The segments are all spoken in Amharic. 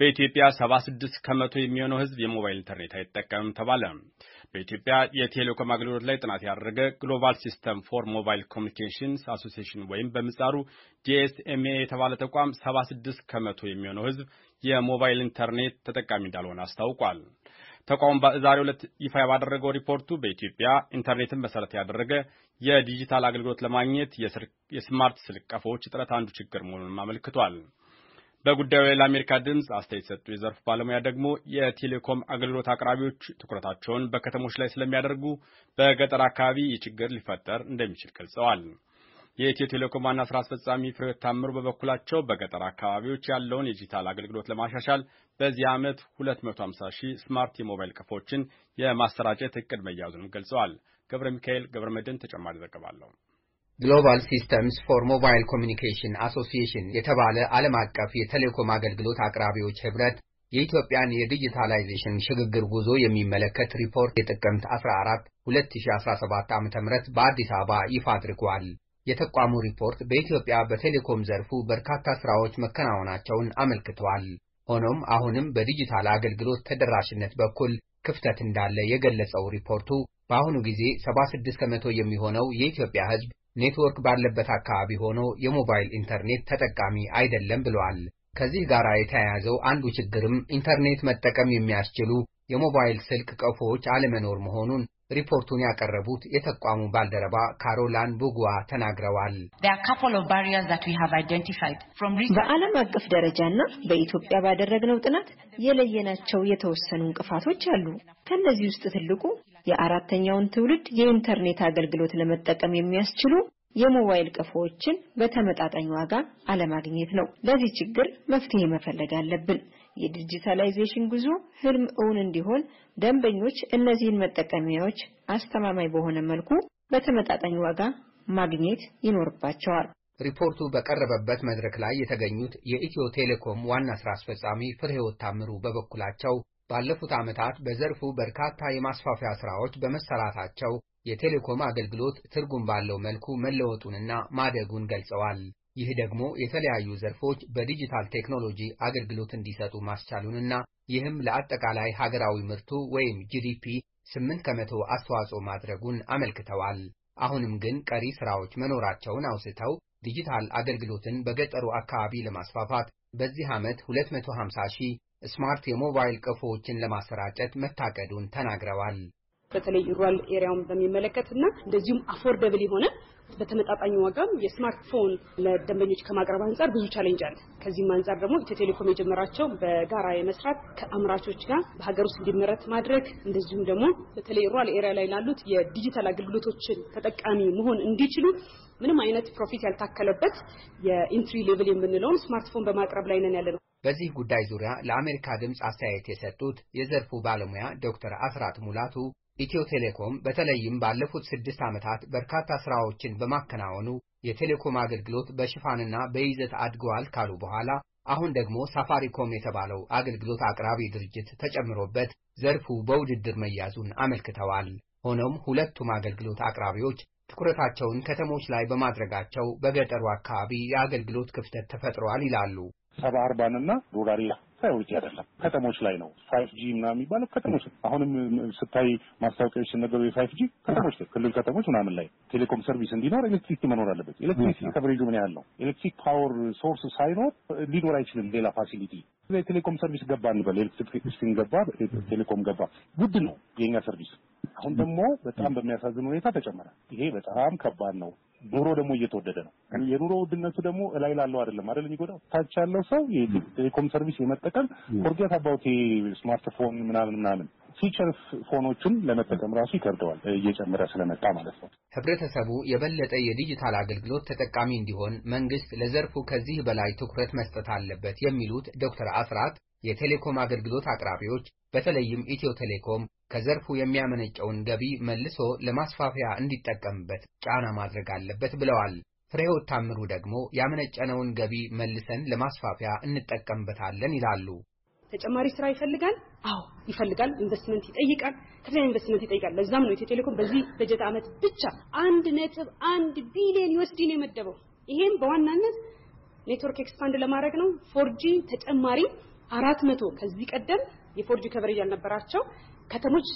በኢትዮጵያ 76 ከመቶ የሚሆነው ህዝብ የሞባይል ኢንተርኔት አይጠቀምም ተባለ። በኢትዮጵያ የቴሌኮም አገልግሎት ላይ ጥናት ያደረገ ግሎባል ሲስተም ፎር ሞባይል ኮሚኒኬሽንስ አሶሲሽን ወይም በምጻሩ ጂኤስኤምኤ የተባለ ተቋም 76 ከመቶ የሚሆነው ህዝብ የሞባይል ኢንተርኔት ተጠቃሚ እንዳልሆነ አስታውቋል። ተቋሙ በዛሬው ዕለት ይፋ ባደረገው ሪፖርቱ በኢትዮጵያ ኢንተርኔትን መሰረት ያደረገ የዲጂታል አገልግሎት ለማግኘት የስማርት ስልክ ቀፎዎች እጥረት አንዱ ችግር መሆኑንም አመልክቷል። በጉዳዩ ላይ ለአሜሪካ ድምፅ አስተያየት ሰጡ የዘርፉ ባለሙያ ደግሞ የቴሌኮም አገልግሎት አቅራቢዎች ትኩረታቸውን በከተሞች ላይ ስለሚያደርጉ በገጠር አካባቢ የችግር ችግር ሊፈጠር እንደሚችል ገልጸዋል። የኢትዮ ቴሌኮም ዋና ስራ አስፈጻሚ ፍሬሕይወት ታምሩ በበኩላቸው በገጠር አካባቢዎች ያለውን የዲጂታል አገልግሎት ለማሻሻል በዚህ ዓመት 250 ሺህ ስማርት የሞባይል ቀፎችን የማሰራጨት እቅድ መያዙንም ገልጸዋል። ገብረ ሚካኤል ገብረ መድን ተጨማሪ ዘገባ አለው። ግሎባል ሲስተምስ ፎር ሞባይል ኮሚኒኬሽን አሶሲዬሽን የተባለ ዓለም አቀፍ የቴሌኮም አገልግሎት አቅራቢዎች ህብረት የኢትዮጵያን የዲጂታላይዜሽን ሽግግር ጉዞ የሚመለከት ሪፖርት የጥቅምት 14 2017 ዓ ም በአዲስ አበባ ይፋ አድርጓል። የተቋሙ ሪፖርት በኢትዮጵያ በቴሌኮም ዘርፉ በርካታ ሥራዎች መከናወናቸውን አመልክቷል። ሆኖም አሁንም በዲጂታል አገልግሎት ተደራሽነት በኩል ክፍተት እንዳለ የገለጸው ሪፖርቱ በአሁኑ ጊዜ 76 ከመቶ የሚሆነው የኢትዮጵያ ሕዝብ ኔትወርክ ባለበት አካባቢ ሆኖ የሞባይል ኢንተርኔት ተጠቃሚ አይደለም ብለዋል። ከዚህ ጋር የተያያዘው አንዱ ችግርም ኢንተርኔት መጠቀም የሚያስችሉ የሞባይል ስልክ ቀፎዎች አለመኖር መሆኑን ሪፖርቱን ያቀረቡት የተቋሙ ባልደረባ ካሮላን ቡጉዋ ተናግረዋል። በዓለም አቀፍ ደረጃና በኢትዮጵያ ባደረግነው ጥናት የለየናቸው የተወሰኑ እንቅፋቶች አሉ። ከእነዚህ ውስጥ ትልቁ የአራተኛውን ትውልድ የኢንተርኔት አገልግሎት ለመጠቀም የሚያስችሉ የሞባይል ቀፎዎችን በተመጣጣኝ ዋጋ አለማግኘት ነው። ለዚህ ችግር መፍትሄ መፈለግ አለብን። የዲጂታላይዜሽን ጉዞ ህልም እውን እንዲሆን ደንበኞች እነዚህን መጠቀሚያዎች አስተማማኝ በሆነ መልኩ በተመጣጣኝ ዋጋ ማግኘት ይኖርባቸዋል። ሪፖርቱ በቀረበበት መድረክ ላይ የተገኙት የኢትዮ ቴሌኮም ዋና ስራ አስፈጻሚ ፍሬሕይወት ታምሩ በበኩላቸው ባለፉት ዓመታት በዘርፉ በርካታ የማስፋፊያ ስራዎች በመሰራታቸው የቴሌኮም አገልግሎት ትርጉም ባለው መልኩ መለወጡንና ማደጉን ገልጸዋል። ይህ ደግሞ የተለያዩ ዘርፎች በዲጂታል ቴክኖሎጂ አገልግሎት እንዲሰጡ ማስቻሉንና ይህም ለአጠቃላይ ሀገራዊ ምርቱ ወይም ጂዲፒ 8 ከመቶ አስተዋጽኦ ማድረጉን አመልክተዋል። አሁንም ግን ቀሪ ስራዎች መኖራቸውን አውስተው ዲጂታል አገልግሎትን በገጠሩ አካባቢ ለማስፋፋት በዚህ ዓመት 250 ሺህ ስማርት የሞባይል ቀፎዎችን ለማሰራጨት መታቀዱን ተናግረዋል። በተለይ ሩራል ኤሪያውን በሚመለከት እና እንደዚሁም አፎርደብል የሆነ በተመጣጣኝ ዋጋም የስማርትፎን ለደንበኞች ከማቅረብ አንጻር ብዙ ቻሌንጅ አለ። ከዚህም አንጻር ደግሞ ኢትዮ ቴሌኮም የጀመራቸው በጋራ የመስራት ከአምራቾች ጋር በሀገር ውስጥ እንዲመረት ማድረግ እንደዚሁም ደግሞ በተለይ ሩራል ኤሪያ ላይ ላሉት የዲጂታል አገልግሎቶችን ተጠቃሚ መሆን እንዲችሉ ምንም አይነት ፕሮፊት ያልታከለበት የኢንትሪ ሌቭል የምንለውን ስማርትፎን በማቅረብ ላይ ነን ያለ ነው። በዚህ ጉዳይ ዙሪያ ለአሜሪካ ድምፅ አስተያየት የሰጡት የዘርፉ ባለሙያ ዶክተር አስራት ሙላቱ ኢትዮ ቴሌኮም በተለይም ባለፉት ስድስት ዓመታት በርካታ ሥራዎችን በማከናወኑ የቴሌኮም አገልግሎት በሽፋንና በይዘት አድገዋል ካሉ በኋላ አሁን ደግሞ ሳፋሪኮም የተባለው አገልግሎት አቅራቢ ድርጅት ተጨምሮበት ዘርፉ በውድድር መያዙን አመልክተዋል። ሆኖም ሁለቱም አገልግሎት አቅራቢዎች ትኩረታቸውን ከተሞች ላይ በማድረጋቸው በገጠሩ አካባቢ የአገልግሎት ክፍተት ተፈጥሯል ይላሉ። ሰባ አርባንና ፕራዮሪቲ አይደለም። ከተሞች ላይ ነው ፋይፍ ጂ ምናምን የሚባለው ከተሞች አሁንም ስታይ ማስታወቂያዎች ሲነገሩ የፋይፍ ጂ ከተሞች ላይ ክልል ከተሞች ምናምን ላይ ቴሌኮም ሰርቪስ እንዲኖር ኤሌክትሪሲቲ መኖር አለበት። ኤሌክትሪክ ከብሬጁ ምን ያህል ነው? ኤሌክትሪክ ፓወር ሶርስ ሳይኖር ሊኖር አይችልም ሌላ ፋሲሊቲ ቴሌኮም ሰርቪስ ገባ እንበል፣ ኤሌክትሪክሲቲን ገባ፣ ቴሌኮም ገባ፣ ውድ ነው የኛ ሰርቪስ። አሁን ደግሞ በጣም በሚያሳዝን ሁኔታ ተጨመረ። ይሄ በጣም ከባድ ነው። ዶሮ ደግሞ እየተወደደ ነው። የኑሮ ውድነቱ ደግሞ ላይ ላለው አይደለም አይደል የሚጎዳው ታች ያለው ሰው የቴሌኮም ሰርቪስ የመጠቀም ፎርጌት አባውት ስማርትፎን ምናምን ምናምን ፊቸር ፎኖቹን ለመጠቀም ራሱ ይከብደዋል እየጨመረ ስለመጣ ማለት ነው። ህብረተሰቡ የበለጠ የዲጂታል አገልግሎት ተጠቃሚ እንዲሆን መንግስት ለዘርፉ ከዚህ በላይ ትኩረት መስጠት አለበት የሚሉት ዶክተር አስራት የቴሌኮም አገልግሎት አቅራቢዎች በተለይም ኢትዮ ቴሌኮም ከዘርፉ የሚያመነጨውን ገቢ መልሶ ለማስፋፊያ እንዲጠቀምበት ጫና ማድረግ አለበት ብለዋል። ፍሬሕይወት ታምሩ ደግሞ ያመነጨነውን ገቢ መልሰን ለማስፋፊያ እንጠቀምበታለን ይላሉ። ተጨማሪ ስራ ይፈልጋል። አዎ ይፈልጋል። ኢንቨስትመንት ይጠይቃል። ከፍተኛ ኢንቨስትመንት ይጠይቃል። ለዛም ነው ኢትዮ ቴሌኮም በዚህ በጀት ዓመት ብቻ አንድ ነጥብ አንድ ቢሊዮን ዩኤስዲ ነው የመደበው። ይሄም በዋናነት ኔትወርክ ኤክስፓንድ ለማድረግ ነው። ፎርጂ ተጨማሪ አራት መቶ ከዚህ ቀደም የፎርጂ ከቨር ያልነበራቸው ከተሞች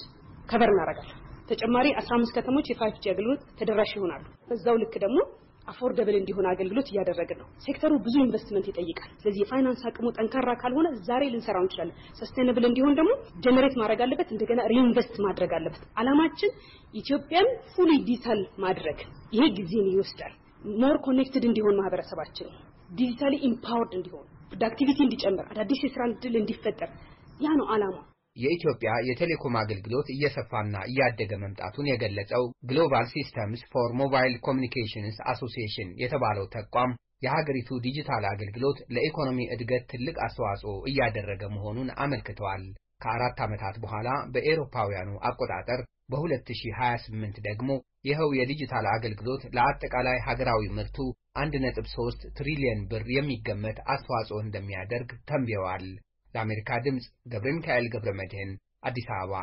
ከቨር እናደርጋለን። ተጨማሪ 15 ከተሞች የፋይቭ አገልግሎት ተደራሽ ይሆናሉ። በዛው ልክ ደግሞ አፎርደብል እንዲሆን አገልግሎት እያደረግን ነው። ሴክተሩ ብዙ ኢንቨስትመንት ይጠይቃል። ስለዚህ የፋይናንስ አቅሙ ጠንካራ ካልሆነ ዛሬ ልንሰራው እንችላለን። ሰስቴነብል እንዲሆን ደግሞ ጀነሬት ማድረግ አለበት፣ እንደገና ሪኢንቨስት ማድረግ አለበት። አላማችን ኢትዮጵያን ፉሊ ዲጂታል ማድረግ። ይሄ ጊዜን ይወስዳል። ሞር ኮኔክትድ እንዲሆን ማህበረሰባችን ዲጂታሊ ኢምፓወርድ እንዲሆን ፕሮዳክቲቪቲ እንዲጨምር፣ አዳዲስ የስራ እድል እንዲፈጠር ያ ነው ዓላማ። የኢትዮጵያ የቴሌኮም አገልግሎት እየሰፋና እያደገ መምጣቱን የገለጸው ግሎባል ሲስተምስ ፎር ሞባይል ኮሚኒኬሽንስ አሶሲሽን የተባለው ተቋም የሀገሪቱ ዲጂታል አገልግሎት ለኢኮኖሚ እድገት ትልቅ አስተዋጽኦ እያደረገ መሆኑን አመልክተዋል። ከአራት ዓመታት በኋላ በኤሮፓውያኑ አቆጣጠር በ2028 ደግሞ ይኸው የዲጂታል አገልግሎት ለአጠቃላይ ሀገራዊ ምርቱ 1.3 ትሪሊየን ብር የሚገመት አስተዋጽኦ እንደሚያደርግ ተንብየዋል። ለአሜሪካ ድምፅ ገብረ ሚካኤል ገብረ መድህን አዲስ አበባ